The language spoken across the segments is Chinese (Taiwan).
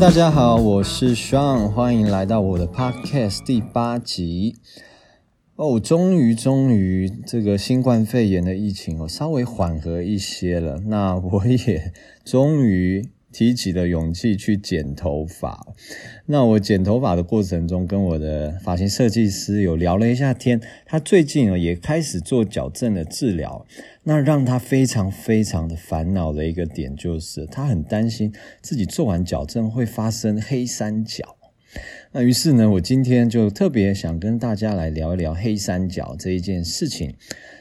大家好，我是 s h a n 歡迎來到我的 podcast 第八集。哦，終於終於，這個新冠肺炎的疫情哦，稍微緩和一些了，那我也終於，提起了勇氣去剪頭髮，那我剪頭髮的過程中，跟我的髮型設計師有聊了一下天，他最近啊也開始做矯正的治療，那讓他非常非常的煩惱的一個點就是，他很擔心自己做完矯正會發生黑三角。那於是呢，我今天就特別想跟大家來聊一聊黑三角這一件事情。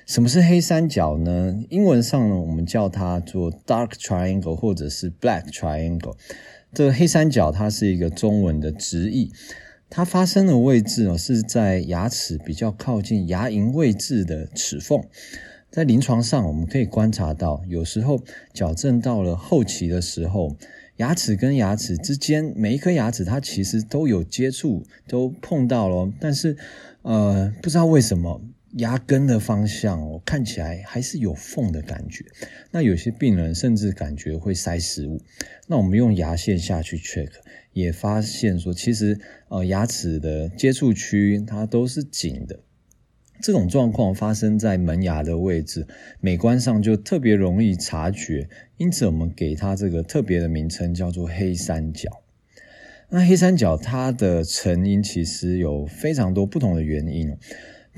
什麼是黑三角呢？英文上呢，我們叫它做 dark triangle 或者是 black triangle。這個黑三角它是一個中文的直譯，它發生的位置呢，是在牙齒比較靠近牙齦位置的齒縫。在臨床上，我們可以觀察到，有時候矯正到了後期的時候，牙齒跟牙齒之間，每一顆牙齒它其實都有接觸，都碰到了哦，但是呃，不知道為什麼。牙根的方向哦，看起來還是有縫的感覺。那有些病人甚至感覺會塞食物。那我們用牙線下去 check，也發現說，其實呃牙齒的接觸區它都是緊的。這種狀況發生在門牙的位置，美觀上就特別容易察覺。因此，我們給它這個特別的名稱叫做“黑三角”。那黑三角它的成因其實有非常多不同的原因。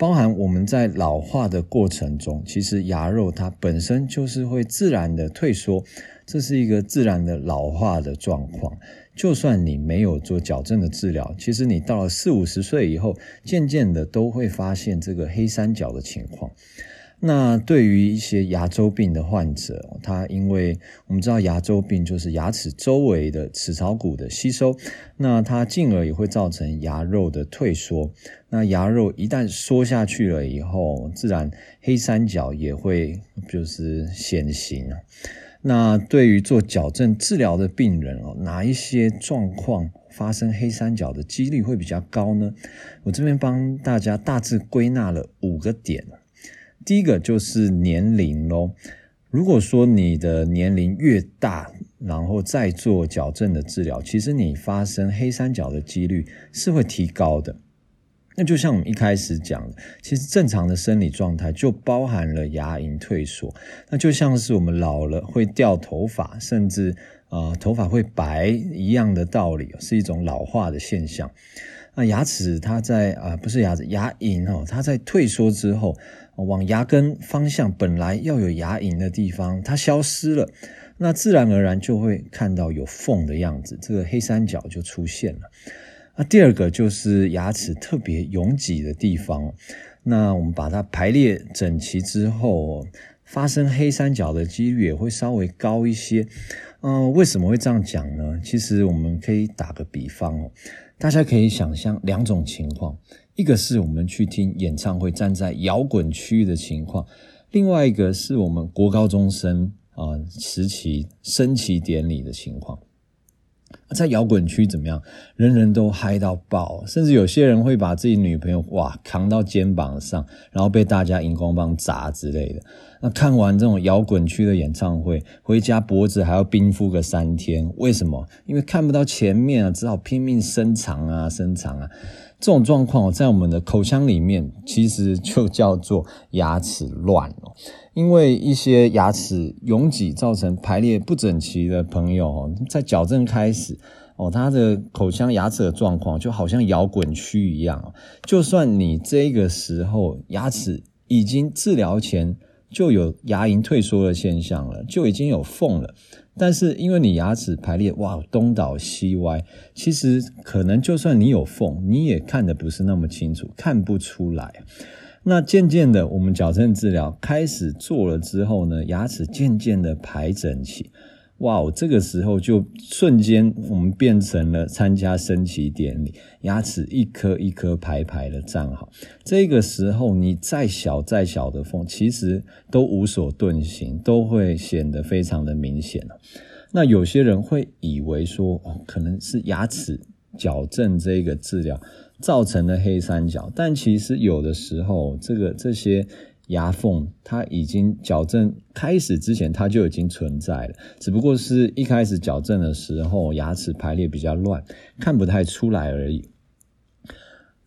包含我們在老化的過程中，其實牙肉它本身就是會自然的退縮，這是一個自然的老化的狀況。就算你沒有做矯正的治療，其實你到了四五十歲以後，漸漸的都會發現這個黑三角的情況。那對於一些牙周病的患者，他因為我們知道牙周病就是牙齒周圍的齒槽骨的吸收，那它進而也會造成牙肉的退縮。那牙肉一旦縮下去了以後，自然黑三角也會就是顯形。那對於做矯正治療的病人哦，哪一些狀況發生黑三角的幾率會比較高呢？我這邊幫大家大致歸納了五個點。第一個就是年齡咯。如果說你的年齡越大，然後再做矯正的治療，其實你發生黑三角的幾率是會提高的。那就像我們一開始講的，其實正常的生理狀態就包含了牙齦退縮，那就像是我們老了會掉頭髮，甚至啊、呃、頭髮會白一樣的道理，是一種老化的現象。那牙齒它在啊、呃、不是牙齒，牙齦哦，它在退縮之後。往牙根方向，本來要有牙齦的地方，它消失了，那自然而然就會看到有縫的樣子，這個黑三角就出現了。那第二個就是牙齒特別擁擠的地方，那我們把它排列整齊之後，發生黑三角的幾率也會稍微高一些。嗯、呃，為什麼會這樣講呢？其實我們可以打個比方哦，大家可以想象兩種情況。一個是我們去聽演唱會，站在搖滾區域的情況；另外一個是我們國高中生啊、呃，時期升旗典禮的情況。在搖滾區怎麼樣？人人都嗨到爆，甚至有些人會把自己女朋友哇，扛到肩膀上，然後被大家熒光棒砸之類的。那看完這種搖滾區的演唱會，回家脖子還要冰敷個三天，為什麼？因為看不到前面啊，只好拼命伸長啊，伸長啊。這種狀況在我們的口腔裡面，其實就叫做牙齒亂了。因為一些牙齒擁擠造成排列不整齊的朋友，在矯正開始，哦，他的口腔牙齒的狀況就好像搖滾區一樣。就算你這個時候牙齒已經治療前就有牙齦退縮的現象了，就已經有縫了，但是因為你牙齒排列，哇，東倒西歪，其實可能就算你有縫，你也看得不是那麼清楚，看不出來。那漸漸的，我們矯正治療開始做了之後呢，牙齒漸漸的排整齊，哇！我這個時候就瞬間我們變成了參加升旗典禮，牙齒一顆一顆排排的站好。這個時候，你再小再小的縫，其實都無所遁形，都會顯得非常的明顯了。那有些人會以為說，哦，可能是牙齒矯正這個治療。造成的黑三角，但其實有的時候，這個這些牙縫它已經矯正開始之前，它就已經存在了，只不過是一開始矯正的時候，牙齒排列比較亂，看不太出來而已。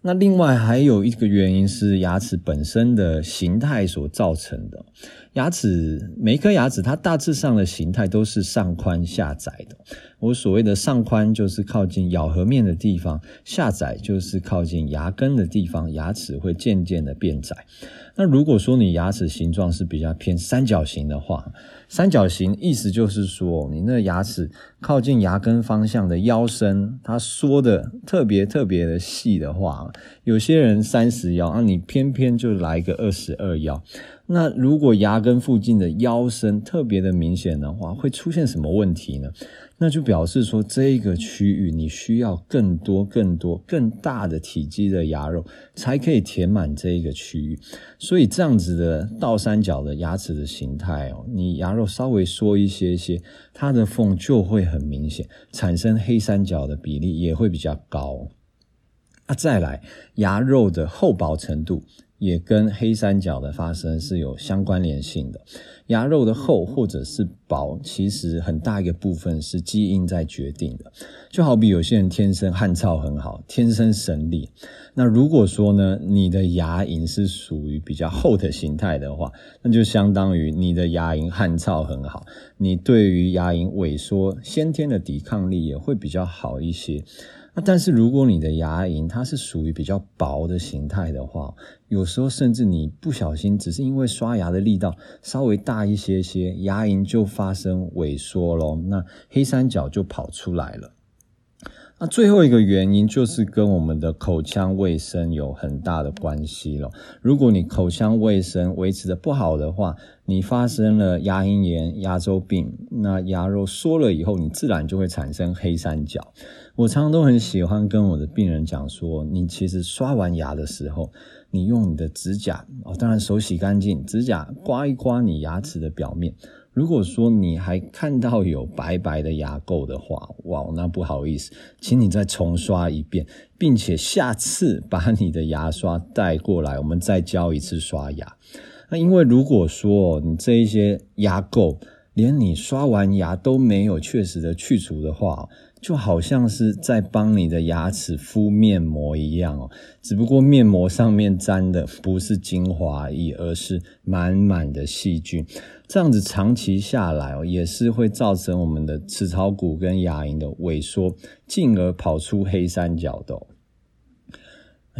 那另外還有一個原因是牙齒本身的形態所造成的，牙齒每一顆牙齒它大致上的形態都是上寬下窄的。我所謂的上寬就是靠近咬合面的地方，下窄就是靠近牙根的地方，牙齒會漸漸的變窄。那如果說你牙齒形狀是比較偏三角形的話，三角形意思就是說你那個牙齒。靠近牙根方向的腰身，他說的特別特別的特別特別的細的話，有些人三十腰，那、啊、你偏偏就來個二十二腰。那如果牙根附近的腰身特別的明顯的話，會出現什麼問題呢？那就表示說，這一個區域你需要更多、更多、更大的體積的牙肉，才可以填滿這一個區域。所以這樣子的倒三角的牙齒的形態哦，你牙肉稍微縮一些些，它的縫就會很明顯，產生黑三角的比例也會比較高。啊，再來，牙肉的厚薄程度。也跟黑三角的發生是有相關聯性的。牙肉的厚或者是薄，其實很大一個部分是基因在決定的。就好比有些人天生漢草很好，天生神力。那如果說呢，你的牙齦是屬於比較厚的形態的話，那就相當於你的牙齦漢草很好，你對於牙齦萎縮，先天的抵抗力也會比較好一些。那但是如果你的牙齦它是屬於比較薄的形態的話，有時候甚至你不小心，只是因為刷牙的力道稍微大一些些，牙齦就發生萎縮咯，那黑三角就跑出來了。那最後一個原因就是跟我們的口腔衛生有很大的關係了。如果你口腔衛生維持得不好的話，你發生了牙齦炎、牙周病，那牙肉縮了以後，你自然就會產生黑三角。我常常都很喜歡跟我的病人講說，你其實刷完牙的時候，你用你的指甲哦，當然手洗乾淨，指甲刮一刮你牙齒的表面。如果說你還看到有白白的牙垢的話，哇，那不好意思，請你再重刷一遍，並且下次把你的牙刷帶過來，我們再教一次刷牙。那因為如果說你這一些牙垢連你刷完牙都沒有確實的去除的話。就好像是在幫你的牙齒敷面膜一樣哦，只不過面膜上面沾的不是精華液，而是滿滿的細菌。這樣子長期下來哦，也是會造成我們的齒槽骨跟牙齦的萎縮，進而跑出黑三角的哦。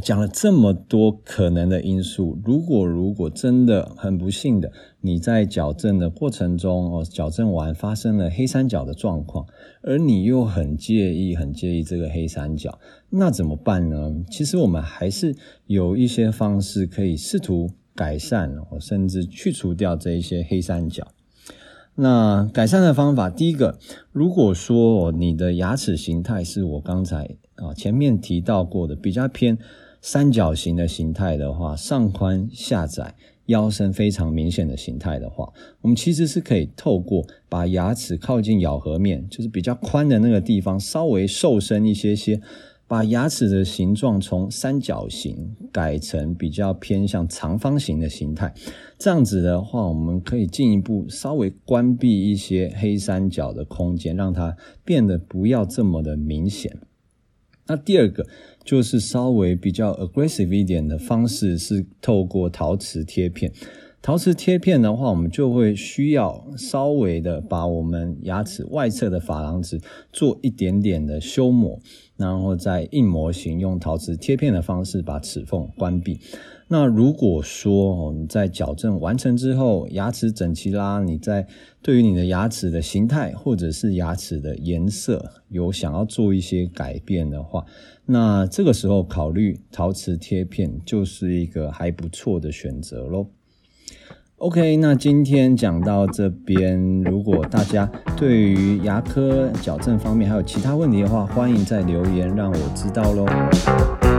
講了這麼多可能的因素，如果如果真的很不幸的你在矯正的過程中哦，矯正完發生了黑三角的狀況，而你又很介意很介意這個黑三角，那怎麼辦呢？其實我們還是有一些方式可以試圖改善，甚至去除掉這一些黑三角。那改善的方法，第一個，如果說你的牙齒形態是我剛才前面提到過的比較偏。三角形的形態的話，上寬下窄、腰身非常明顯的形態的話，我們其實是可以透過把牙齒靠近咬合面，就是比較寬的那個地方稍微瘦身一些些，把牙齒的形狀從三角形改成比較偏向長方形的形態。這樣子的話，我們可以進一步稍微關閉一些黑三角的空間，讓它變得不要這麼的明顯。那第二個就是稍微比較 aggressive 一點的方式是透過陶瓷貼片。Mm hmm. 陶瓷貼片的話，我們就會需要稍微的把我們牙齒外側的珐琅質做一點點的修磨，然後再印模型，用陶瓷貼片的方式把齒縫關閉。那如果說你在矯正完成之後，牙齒整齊啦，你在對於你的牙齒的形態或者是牙齒的顏色有想要做一些改變的話，那這個時候考慮陶瓷貼片就是一個還不錯的選擇咯。OK，那今天講到這邊，如果大家對於牙科矯正方面還有其他問題的話，歡迎再留言讓我知道嘍。